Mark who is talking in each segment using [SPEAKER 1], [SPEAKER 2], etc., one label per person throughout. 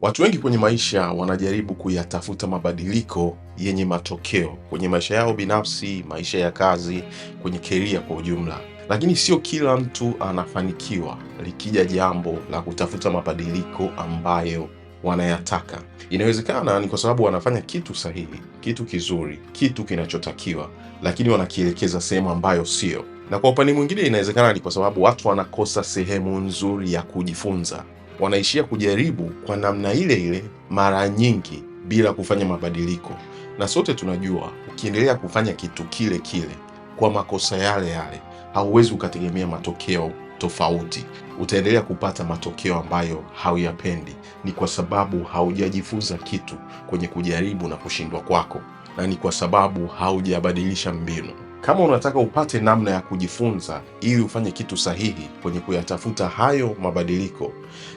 [SPEAKER 1] Watu wengi kwenye maisha wanajaribu kuyatafuta mabadiliko yenye matokeo kwenye maisha yao binafsi, maisha ya kazi, kwenye keria kwa ujumla, lakini sio kila mtu anafanikiwa likija jambo la kutafuta mabadiliko ambayo wanayataka. Inawezekana ni kwa sababu wanafanya kitu sahihi, kitu kizuri, kitu kinachotakiwa, lakini wanakielekeza sehemu ambayo sio. Na kwa upande mwingine, inawezekana ni kwa sababu watu wanakosa sehemu nzuri ya kujifunza wanaishia kujaribu kwa namna ile ile mara nyingi bila kufanya mabadiliko, na sote tunajua ukiendelea kufanya kitu kile kile kwa makosa yale yale, hauwezi ukategemea matokeo tofauti. Utaendelea kupata matokeo ambayo hauyapendi. Ni kwa sababu haujajifunza kitu kwenye kujaribu na kushindwa kwako, na ni kwa sababu haujabadilisha mbinu. Kama unataka upate namna ya kujifunza ili ufanye kitu sahihi kwenye kuyatafuta hayo mabadiliko,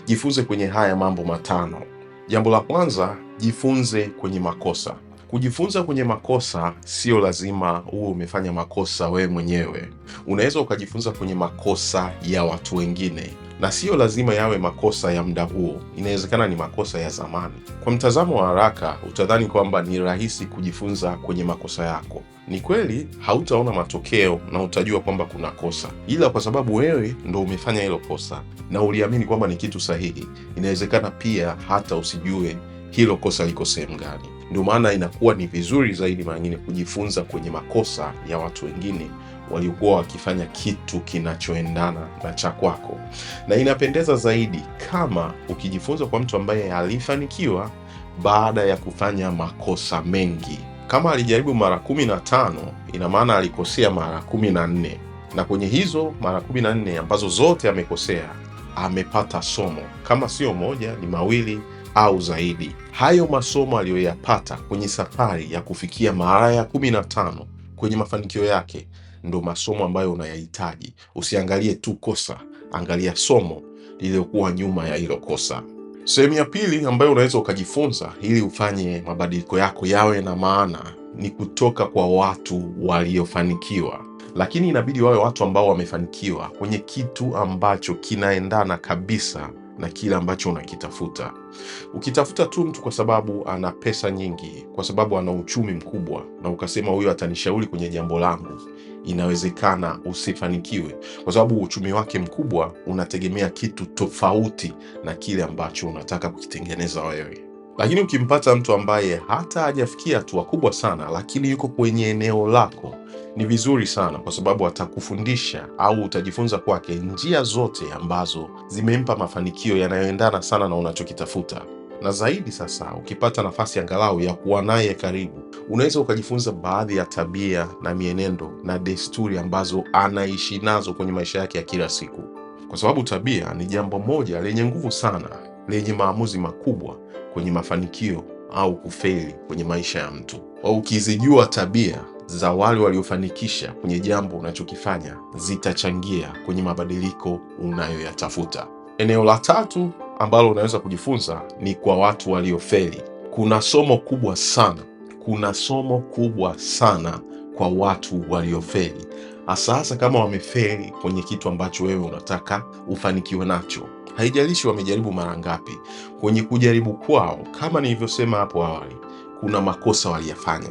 [SPEAKER 1] jifunze kwenye haya mambo matano. Jambo la kwanza, jifunze kwenye makosa. Kujifunza kwenye makosa sio lazima uwe umefanya makosa wewe mwenyewe. Unaweza ukajifunza kwenye makosa ya watu wengine na siyo lazima yawe makosa ya muda huo, inawezekana ni makosa ya zamani. Kwa mtazamo wa haraka, utadhani kwamba ni rahisi kujifunza kwenye makosa yako. Ni kweli, hautaona matokeo na utajua kwamba kuna kosa, ila kwa sababu wewe ndo umefanya hilo kosa na uliamini kwamba ni kitu sahihi, inawezekana pia hata usijue hilo kosa liko sehemu gani. Ndio maana inakuwa ni vizuri zaidi mara nyingine kujifunza kwenye makosa ya watu wengine waliokuwa wakifanya kitu kinachoendana na cha kwako, na inapendeza zaidi kama ukijifunza kwa mtu ambaye alifanikiwa baada ya kufanya makosa mengi. Kama alijaribu mara kumi na tano, ina maana alikosea mara kumi na nne na kwenye hizo mara kumi na nne ambazo zote amekosea amepata somo, kama sio moja ni mawili au zaidi. Hayo masomo aliyoyapata kwenye safari ya kufikia mara ya 15 kwenye mafanikio yake ndo masomo ambayo unayahitaji. Usiangalie tu kosa, angalia somo lililokuwa nyuma ya hilo kosa. Sehemu ya pili ambayo unaweza ukajifunza ili ufanye mabadiliko yako yawe na maana ni kutoka kwa watu waliofanikiwa, lakini inabidi wawe watu ambao wamefanikiwa kwenye kitu ambacho kinaendana kabisa na kile ambacho unakitafuta. Ukitafuta tu mtu kwa sababu ana pesa nyingi, kwa sababu ana uchumi mkubwa, na ukasema huyo atanishauri kwenye jambo langu, inawezekana usifanikiwe, kwa sababu uchumi wake mkubwa unategemea kitu tofauti na kile ambacho unataka kukitengeneza wewe. Lakini ukimpata mtu ambaye hata hajafikia hatua kubwa sana, lakini yuko kwenye eneo lako, ni vizuri sana, kwa sababu atakufundisha au utajifunza kwake njia zote ambazo zimempa mafanikio yanayoendana sana na unachokitafuta na zaidi sasa, ukipata nafasi angalau ya kuwa naye karibu, unaweza ukajifunza baadhi ya tabia na mienendo na desturi ambazo anaishi nazo kwenye maisha yake ya kila siku, kwa sababu tabia ni jambo moja lenye nguvu sana lenye maamuzi makubwa kwenye mafanikio au kufeli kwenye maisha ya mtu. Au ukizijua tabia za wale waliofanikisha kwenye jambo unachokifanya zitachangia kwenye mabadiliko unayoyatafuta. Eneo la tatu ambalo unaweza kujifunza ni kwa watu waliofeli. Kuna somo kubwa sana, kuna somo kubwa sana kwa watu waliofeli, hasa hasa kama wamefeli kwenye kitu ambacho wewe unataka ufanikiwe nacho. Haijalishi wamejaribu mara ngapi, kwenye kujaribu kwao, kama nilivyosema hapo awali, kuna makosa waliyafanya.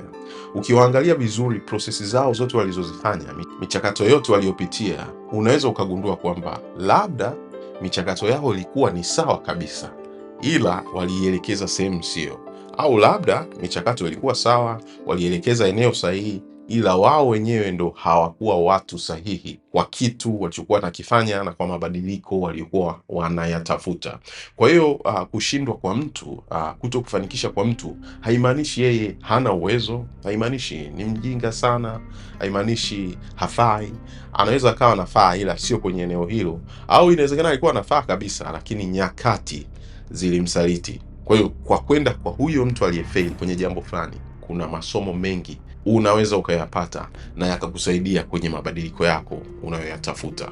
[SPEAKER 1] Ukiwaangalia vizuri, prosesi zao zote walizozifanya, michakato yote waliyopitia, unaweza ukagundua kwamba labda michakato yao ilikuwa ni sawa kabisa, ila waliielekeza sehemu siyo, au labda michakato ilikuwa sawa, walielekeza eneo sahihi, ila wao wenyewe ndo hawakuwa watu sahihi kwa kitu walichokuwa nakifanya na kwa mabadiliko waliokuwa wanayatafuta. Kwa hiyo uh, kushindwa kwa mtu uh, ah, kuto kufanikisha kwa mtu haimaanishi yeye hana uwezo, haimaanishi ni mjinga sana, haimaanishi hafai. Anaweza akawa nafaa, ila sio kwenye eneo hilo, au inawezekana alikuwa nafaa kabisa, lakini nyakati zilimsaliti. Kwa hiyo kwa kwenda kwa huyo mtu aliyefeli kwenye jambo fulani, kuna masomo mengi unaweza ukayapata na yakakusaidia kwenye mabadiliko yako unayoyatafuta.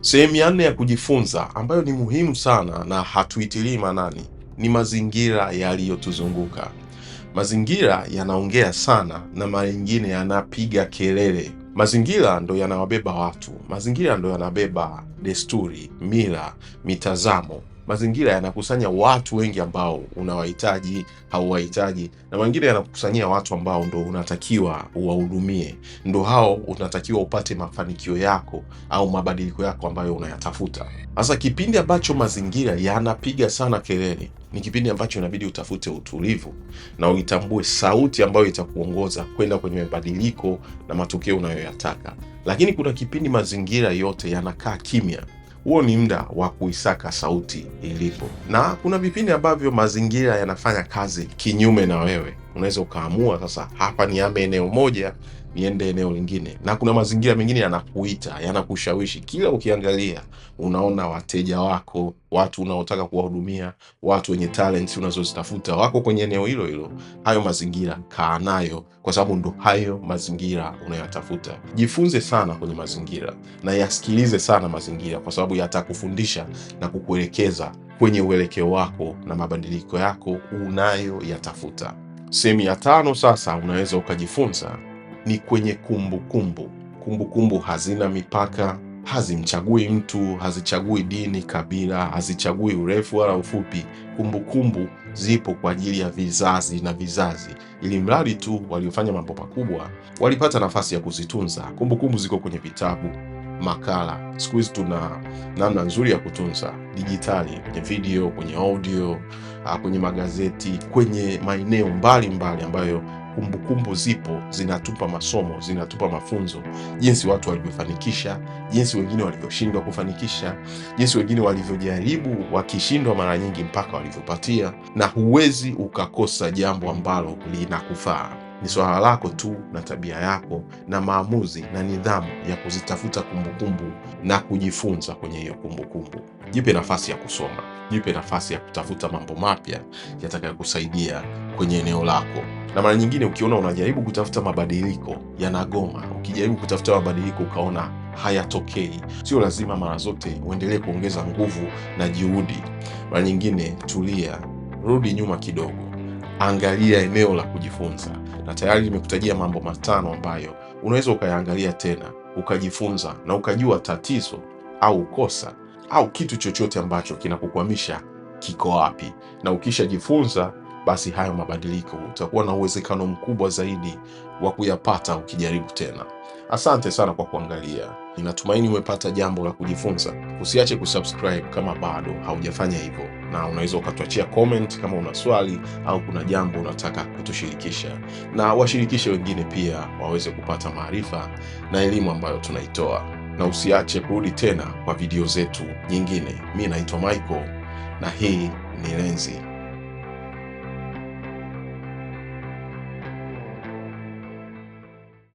[SPEAKER 1] Sehemu ya nne ya kujifunza ambayo ni muhimu sana na hatuitilii maanani ni mazingira yaliyotuzunguka. Mazingira yanaongea sana na mara nyingine yanapiga kelele. Mazingira ndo yanawabeba watu, mazingira ndo yanabeba desturi, mila, mitazamo mazingira yanakusanya watu wengi ambao unawahitaji, hauwahitaji, na mazingira yanakusanyia watu ambao ndo unatakiwa uwahudumie, ndo hao unatakiwa upate mafanikio yako au mabadiliko yako ambayo unayatafuta. Sasa kipindi ambacho mazingira yanapiga sana kelele ni kipindi ambacho inabidi utafute utulivu na uitambue sauti ambayo itakuongoza kwenda kwenye mabadiliko na matokeo unayoyataka. Lakini kuna kipindi mazingira yote yanakaa kimya huo ni muda wa kuisaka sauti ilipo, na kuna vipindi ambavyo mazingira yanafanya kazi kinyume na wewe. Unaweza ukaamua sasa, hapa ni ame eneo moja niende eneo lingine, na kuna mazingira mengine yanakuita yanakushawishi. Kila ukiangalia unaona wateja wako, watu unaotaka kuwahudumia, watu wenye talent unazozitafuta wako kwenye eneo hilo hilo. Hayo mazingira kaa nayo, kwa sababu ndo hayo mazingira unayoyatafuta. Jifunze sana kwenye mazingira na yasikilize sana mazingira, kwa sababu yatakufundisha na kukuelekeza kwenye uelekeo wako na mabadiliko yako unayoyatafuta. Sehemu ya tano sasa, unaweza ukajifunza ni kwenye kumbukumbu. Kumbukumbu hazina mipaka, hazimchagui mtu, hazichagui dini, kabila, hazichagui urefu wala ufupi. Kumbukumbu zipo kwa ajili ya vizazi na vizazi, ili mradi tu waliofanya mambo makubwa walipata nafasi ya kuzitunza. Kumbukumbu ziko kwenye vitabu, makala. Siku hizi tuna namna nzuri ya kutunza dijitali, kwenye video, kwenye audio, kwenye magazeti, kwenye maeneo mbalimbali ambayo kumbukumbu zipo, zinatupa masomo, zinatupa mafunzo, jinsi watu walivyofanikisha, jinsi wengine walivyoshindwa kufanikisha, jinsi wengine walivyojaribu wakishindwa mara nyingi mpaka walivyopatia, na huwezi ukakosa jambo ambalo linakufaa. Ni swala lako tu na tabia yako na maamuzi na nidhamu ya kuzitafuta kumbukumbu na kujifunza kwenye hiyo kumbukumbu. Jipe nafasi ya kusoma, jipe nafasi ya kutafuta mambo mapya yatakayokusaidia kwenye eneo lako. Na mara nyingine ukiona unajaribu kutafuta mabadiliko yanagoma, ukijaribu kutafuta mabadiliko ukaona hayatokei, sio lazima mara zote uendelee kuongeza nguvu na juhudi. Mara nyingine tulia, rudi nyuma kidogo, angalia eneo la kujifunza na tayari nimekutajia mambo matano ambayo unaweza ukayaangalia tena ukajifunza na ukajua tatizo au kosa au kitu chochote ambacho kinakukwamisha kiko wapi, na ukishajifunza basi hayo mabadiliko utakuwa na uwezekano mkubwa zaidi wa kuyapata ukijaribu tena. Asante sana kwa kuangalia, ninatumaini umepata jambo la kujifunza. Usiache kusubscribe kama bado haujafanya hivyo na unaweza ukatuachia comment kama una swali au kuna jambo unataka kutushirikisha, na washirikishe wengine pia waweze kupata maarifa na elimu ambayo tunaitoa, na usiache kurudi tena kwa video zetu nyingine. Mi naitwa Michael na hii ni Lenzi.